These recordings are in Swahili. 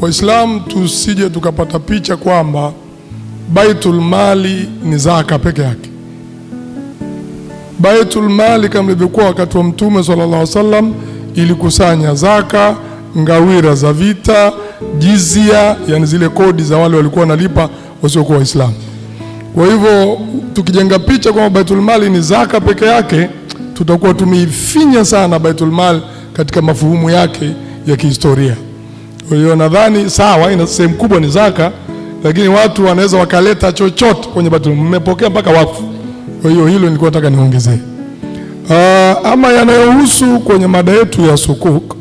Waislamu tusije tukapata picha kwamba Baitul Mali ni zaka peke yake. Baitul Mali kama ilivyokuwa wakati wa Mtume sallallahu alaihi wasallam ilikusanya zaka, ngawira za vita, jizia, yani zile kodi za wale walikuwa wanalipa wasiokuwa Waislamu. Kwa hivyo tukijenga picha kwamba Baitul Mali ni zaka peke yake, tutakuwa tumeifinya sana Baitul Mali katika mafuhumu yake ya kihistoria. Kwa hiyo nadhani sawa, ina sehemu kubwa ni zaka, lakini watu wanaweza wakaleta chochote kwenye batu, mmepokea mpaka wakfu. Kwa hiyo hilo nilikuwa nataka niongezee. Uh, ama yanayohusu kwenye mada yetu ya sukuk,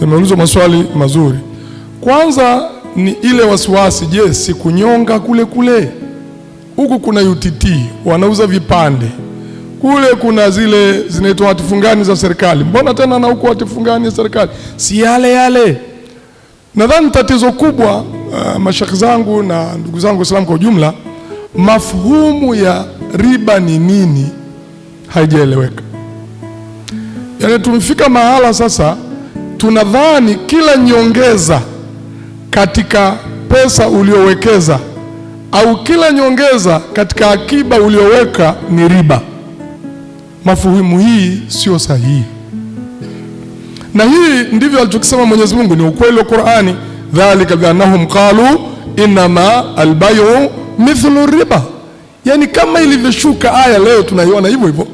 nimeulizwa maswali mazuri. Kwanza ni ile wasiwasi, je, si kunyonga kule kule? Huku kuna UTT wanauza vipande, kule kuna zile zinaitwa hatifungani za serikali. Mbona tena na huku hatifungani za serikali si yale yale? Nadhani tatizo kubwa uh, mashaka zangu na ndugu zangu Waislamu kwa ujumla, mafhumu ya riba ni nini haijaeleweka. Yaani tumefika mahala sasa tunadhani kila nyongeza katika pesa uliowekeza au kila nyongeza katika akiba ulioweka ni riba. Mafuhimu hii sio sahihi na hii ndivyo alichokisema Mwenyezi Mungu, ni ukweli wa Qur'ani, dhalika annahum qalu inama albayu mithlu riba, yani kama ilivyoshuka aya leo tunaiona hivyo hivyo.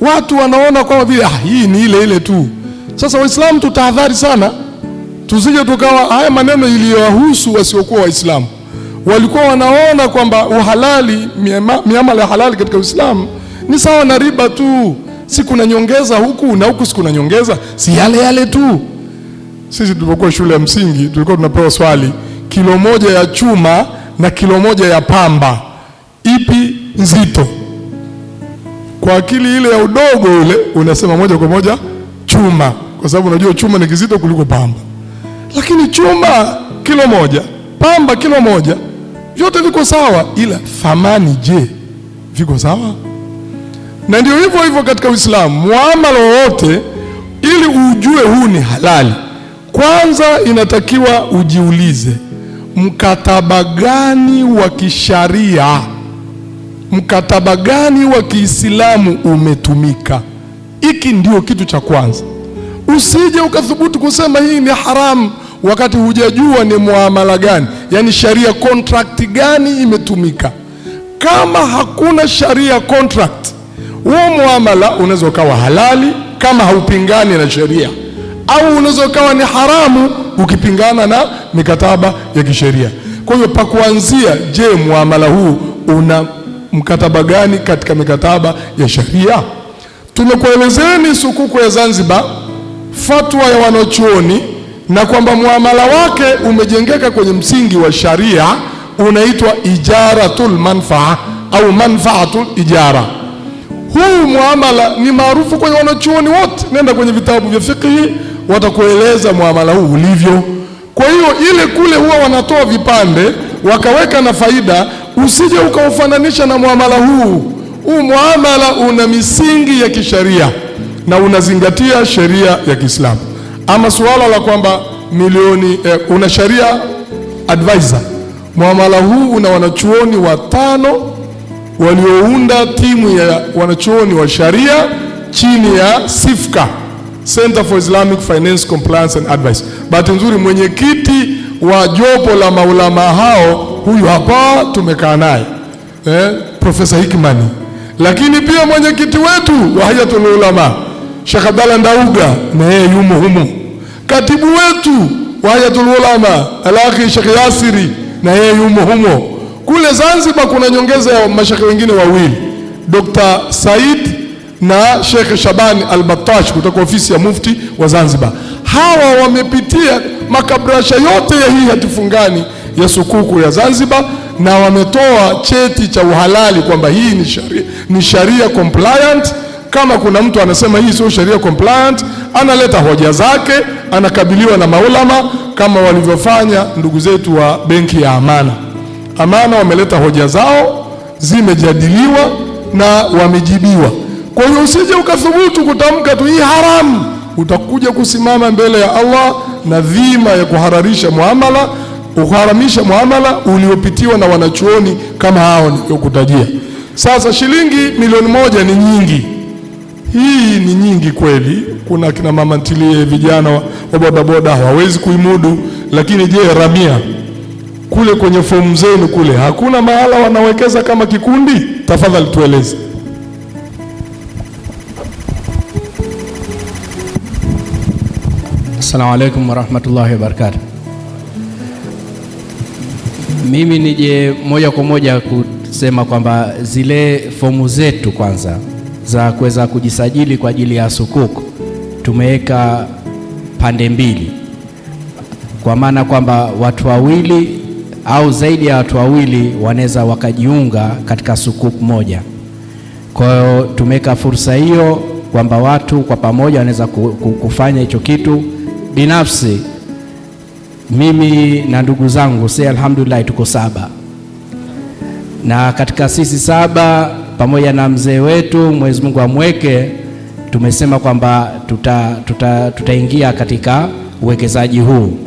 Watu wanaona kama vile ah, hii ni ile ile tu. Sasa Waislamu tutahadhari sana, tusije tukawa haya maneno iliyowahusu wasiokuwa Waislamu. Walikuwa wanaona kwamba uhalali, miamala ya halali katika Uislamu ni sawa na riba tu si kuna nyongeza huku na huku, si kuna nyongeza, si yale yale tu. Sisi tulipokuwa shule ya msingi tulikuwa tunapewa swali, kilo moja ya chuma na kilo moja ya pamba, ipi nzito? Kwa akili ile ya udogo ule unasema moja kwa moja chuma, kwa sababu unajua chuma ni kizito kuliko pamba. Lakini chuma kilo moja, pamba kilo moja, vyote viko sawa, ila thamani, je, viko sawa? Na ndio hivyo hivyo katika Uislamu, muamala wowote ili ujue huu ni halali, kwanza inatakiwa ujiulize mkataba gani wa kisharia, mkataba gani wa Kiislamu umetumika. Hiki ndio kitu cha kwanza. Usije ukathubutu kusema hii ni haramu wakati hujajua ni muamala gani, yaani sharia contract gani imetumika. Kama hakuna sharia contract huo muamala unaweza ukawa halali kama haupingani na sheria, au unaweza ukawa ni haramu ukipingana na mikataba ya kisheria. Kwa hiyo pa kuanzia, je, muamala huu una mkataba gani katika mikataba ya sheria? Tumekuelezeni sukuku ya Zanzibar, fatwa ya wanachuoni, na kwamba muamala wake umejengeka kwenye msingi wa sharia unaitwa ijaratul manfaa au manfaatul ijara huu muamala ni maarufu kwenye wanachuoni wote, nenda kwenye vitabu vya fikihi watakueleza muamala huu ulivyo. Kwa hiyo ile kule huwa wanatoa vipande wakaweka na faida, usije ukaufananisha na muamala huu. Huu muamala una misingi ya kisheria na unazingatia sheria ya Kiislamu. Ama suala la kwamba milioni eh, una sheria advisor, muamala huu una wanachuoni watano waliounda timu ya wanachuoni wa sharia chini ya Sifka, Center for Islamic Finance Compliance and Advice. Bahati nzuri mwenyekiti wa jopo la maulama hao huyu hapa tumekaa naye eh, Profesa Hikmani, lakini pia mwenyekiti wetu wa Hayatul Ulama Sheikh Abdalla Ndauga na yeye yumo humo, katibu wetu wa Hayatul Ulama Alakhi Sheikh Yasiri na yeye yumo humo kule Zanzibar kuna nyongeza ya mashekhe wengine wawili, Dr. Said na Sheikh Shabani Al-Battash kutoka ofisi ya mufti wa Zanzibar. Hawa wamepitia makabrasha yote ya hii hatifungani ya sukuku ya Zanzibar na wametoa cheti cha uhalali kwamba hii ni sharia, ni sharia compliant. Kama kuna mtu anasema hii sio sharia compliant, analeta hoja zake, anakabiliwa na maulama kama walivyofanya ndugu zetu wa benki ya Amana. Amana wameleta hoja zao, zimejadiliwa na wamejibiwa. Kwa hiyo usije ukathubutu kutamka tu hii haramu, utakuja kusimama mbele ya Allah na dhima ya kuhararisha muamala, kuharamisha muamala uliopitiwa na wanachuoni kama hao niliokutajia. Sasa shilingi milioni moja ni nyingi, hii ni nyingi kweli. Kuna kina mama ntilie, vijana wa bodaboda hawawezi kuimudu, lakini je, ramia kule kwenye fomu zenu kule hakuna mahala wanawekeza kama kikundi? Tafadhali tueleze. Assalamu alaikum warahmatullahi wabarakatu. Mimi nije moja kwa moja kusema kwamba zile fomu zetu kwanza za kuweza kujisajili kwa ajili ya sukuku tumeweka pande mbili, kwa maana kwamba watu wawili au zaidi ya watu wawili wanaweza wakajiunga katika sukuk moja. Kwa hiyo tumeweka fursa hiyo kwamba watu kwa pamoja wanaweza kufanya hicho kitu. Binafsi mimi na ndugu zangu si alhamdulillah, tuko saba, na katika sisi saba pamoja na mzee wetu, Mwenyezi Mungu amweke, tumesema kwamba tutaingia tuta, tuta katika uwekezaji huu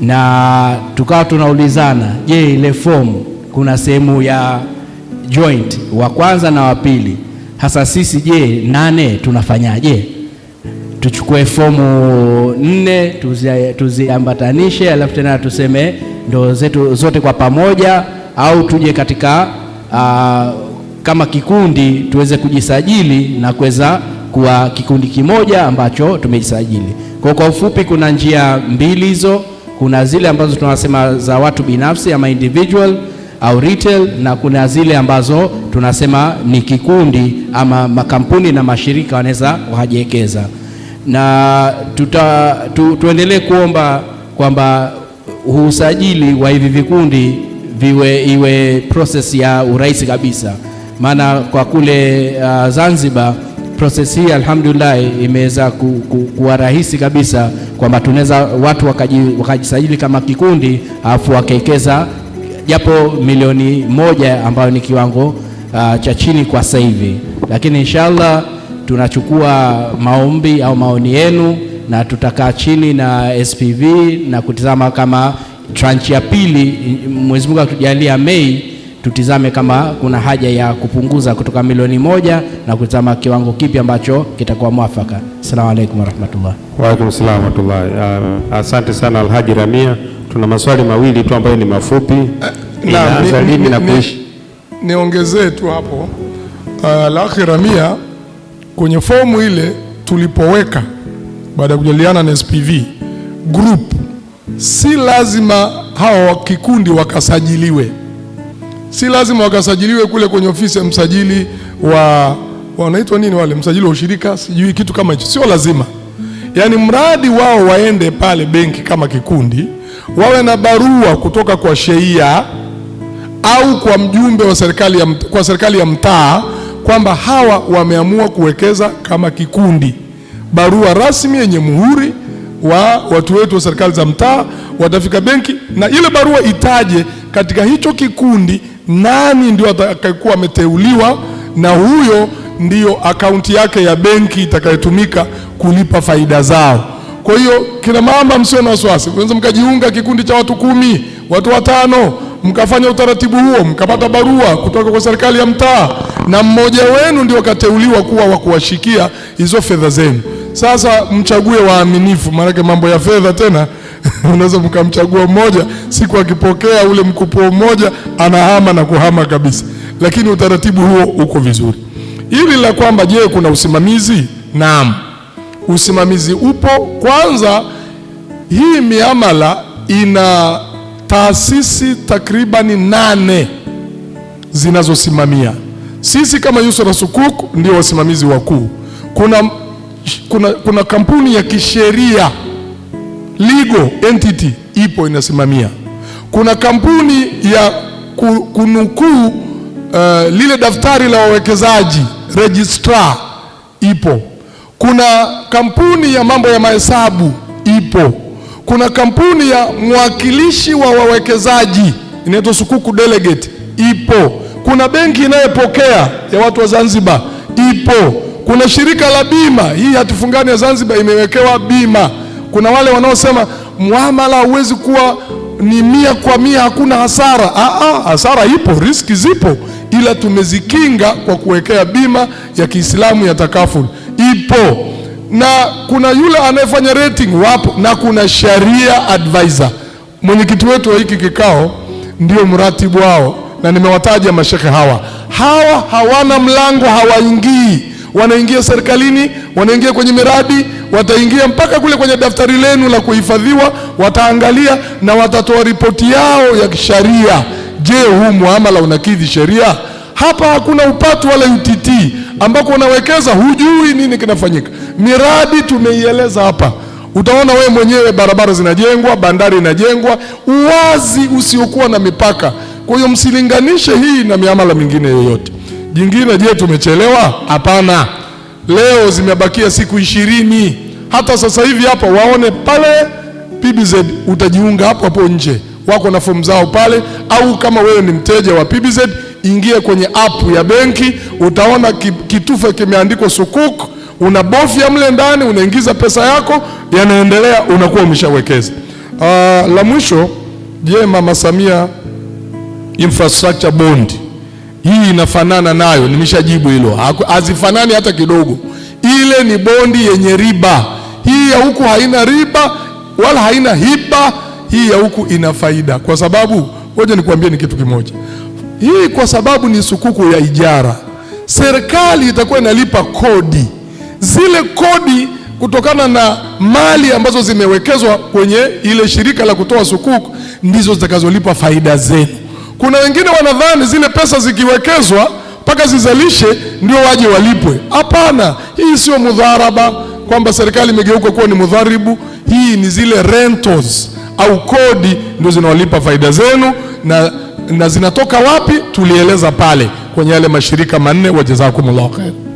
na tukawa tunaulizana, je, ile fomu kuna sehemu ya joint wa kwanza na wa pili. Hasa sisi je, nane tunafanyaje? Tuchukue fomu nne tuziambatanishe, tuzi alafu tena tuseme ndo zetu zote kwa pamoja, au tuje katika aa, ah, kama kikundi tuweze kujisajili na kuweza kuwa kikundi kimoja ambacho tumejisajili kwa. Kwa ufupi, kuna njia mbili hizo. Kuna zile ambazo tunasema za watu binafsi ama individual au retail, na kuna zile ambazo tunasema ni kikundi ama makampuni na mashirika wanaweza wakajiwekeza, na tuta, tu, tuendelee kuomba kwamba usajili wa hivi vikundi viwe iwe process ya urahisi kabisa, maana kwa kule uh, Zanzibar process hii alhamdulillah imeweza ku, ku, kuwa rahisi kabisa kwamba tunaweza watu wakajisajili kama kikundi alafu wakaekeza japo milioni moja ambayo ni kiwango uh, cha chini kwa sasa hivi, lakini inshallah tunachukua maombi au maoni yenu na tutakaa chini na SPV na kutizama kama tranche ya pili, Mwenyezi Mungu atujalia Mei tutizame kama kuna haja ya kupunguza kutoka milioni moja na kutizama kiwango kipi ambacho kitakuwa mwafaka. Asalamu alaykum warahmatullah. Wa alaykum salaam warahmatullah. Uh, asante sana Alhaji Ramia, tuna maswali mawili tu ambayo ni mafupi. Uh, lini na kuishi? Niongezee tu hapo uh, Alhaji Ramia, kwenye fomu ile tulipoweka baada ya kujadiliana na SPV group, si lazima hawa kikundi wakasajiliwe si lazima wakasajiliwe kule kwenye ofisi ya msajili wa wanaitwa nini wale, msajili wa ushirika, sijui kitu kama hicho, sio lazima. Yaani mradi wao waende pale benki kama kikundi, wawe na barua kutoka kwa sheia au kwa mjumbe wa serikali ya, kwa serikali ya mtaa kwamba hawa wameamua kuwekeza kama kikundi, barua rasmi yenye muhuri wa watu wetu wa serikali za mtaa. Watafika benki na ile barua itaje katika hicho kikundi nani ndio atakayekuwa ameteuliwa, na huyo ndiyo akaunti yake ya benki itakayotumika kulipa faida zao. Kwa hiyo kina mama, msio na wasiwasi, mnaweza mkajiunga kikundi cha watu kumi, watu watano, mkafanya utaratibu huo, mkapata barua kutoka kwa serikali ya mtaa, na mmoja wenu ndio akateuliwa kuwa wa kuwashikia hizo fedha zenu. Sasa mchague waaminifu, maanake mambo ya fedha tena unaweza mkamchagua mmoja, siku akipokea ule mkupuo mmoja anahama na kuhama kabisa, lakini utaratibu huo uko vizuri. Hili la kwamba je, kuna usimamizi? Naam, usimamizi upo. Kwanza hii miamala ina taasisi takribani nane zinazosimamia. Sisi kama Yusra Sukuk ndio wasimamizi wakuu. Kuna, kuna, kuna kampuni ya kisheria legal entity ipo inasimamia. Kuna kampuni ya kunukuu uh, lile daftari la wawekezaji registrar ipo. Kuna kampuni ya mambo ya mahesabu ipo. Kuna kampuni ya mwakilishi wa wawekezaji inaitwa Sukuku Delegate ipo. Kuna benki inayopokea ya watu wa Zanzibar ipo. Kuna shirika la bima, hii hatifungani ya Zanzibar imewekewa bima kuna wale wanaosema muamala hauwezi kuwa ni mia kwa mia, hakuna hasara. Aa, ah, ah, hasara ipo, riski zipo, ila tumezikinga kwa kuwekea bima ya Kiislamu ya takaful ipo, na kuna yule anayefanya rating, wapo, na kuna sharia advisor. Mwenyekiti wetu wa hiki kikao ndio mratibu wao, na nimewataja mashekhe hawa. Hawa hawana mlango, hawaingii wanaingia serikalini, wanaingia kwenye miradi, wataingia mpaka kule kwenye daftari lenu la kuhifadhiwa, wataangalia na watatoa ripoti yao ya kisheria. Je, huu muamala unakidhi sheria? Hapa hakuna upatu wala UTT ambako unawekeza hujui nini kinafanyika. Miradi tumeieleza hapa, utaona wewe mwenyewe, barabara zinajengwa, bandari inajengwa, uwazi usiokuwa na mipaka. Kwa hiyo msilinganishe hii na miamala mingine yoyote. Jingine, je, tumechelewa? Hapana, leo zimebakia siku ishirini. Hata sasa hivi hapa waone pale PBZ, utajiunga hapo hapo nje, wako na fomu zao pale, au kama wewe ni mteja wa PBZ ingie kwenye app ya benki, utaona kitufe kimeandikwa sukuk, unabofya mle ndani, unaingiza pesa yako, yanaendelea, unakuwa umeshawekeza. Uh, la mwisho, je, Mama Samia infrastructure bond hii inafanana nayo, nimeshajibu hilo. Hazifanani hata kidogo. Ile ni bondi yenye riba, hii ya huku haina riba wala haina hiba. Hii ya huku ina faida, kwa sababu ngoja nikuambie ni kitu kimoja. Hii kwa sababu ni sukuku ya ijara, serikali itakuwa inalipa kodi, zile kodi kutokana na mali ambazo zimewekezwa kwenye ile shirika la kutoa sukuku ndizo zitakazolipa faida zenu. Kuna wengine wanadhani zile pesa zikiwekezwa mpaka zizalishe ndio waje walipwe. Hapana, hii sio mudharaba kwamba serikali imegeuka kuwa ni mudharibu. Hii ni zile rentals au kodi ndio zinawalipa faida zenu, na, na zinatoka wapi? Tulieleza pale kwenye yale mashirika manne. Wajazakumullahu khair.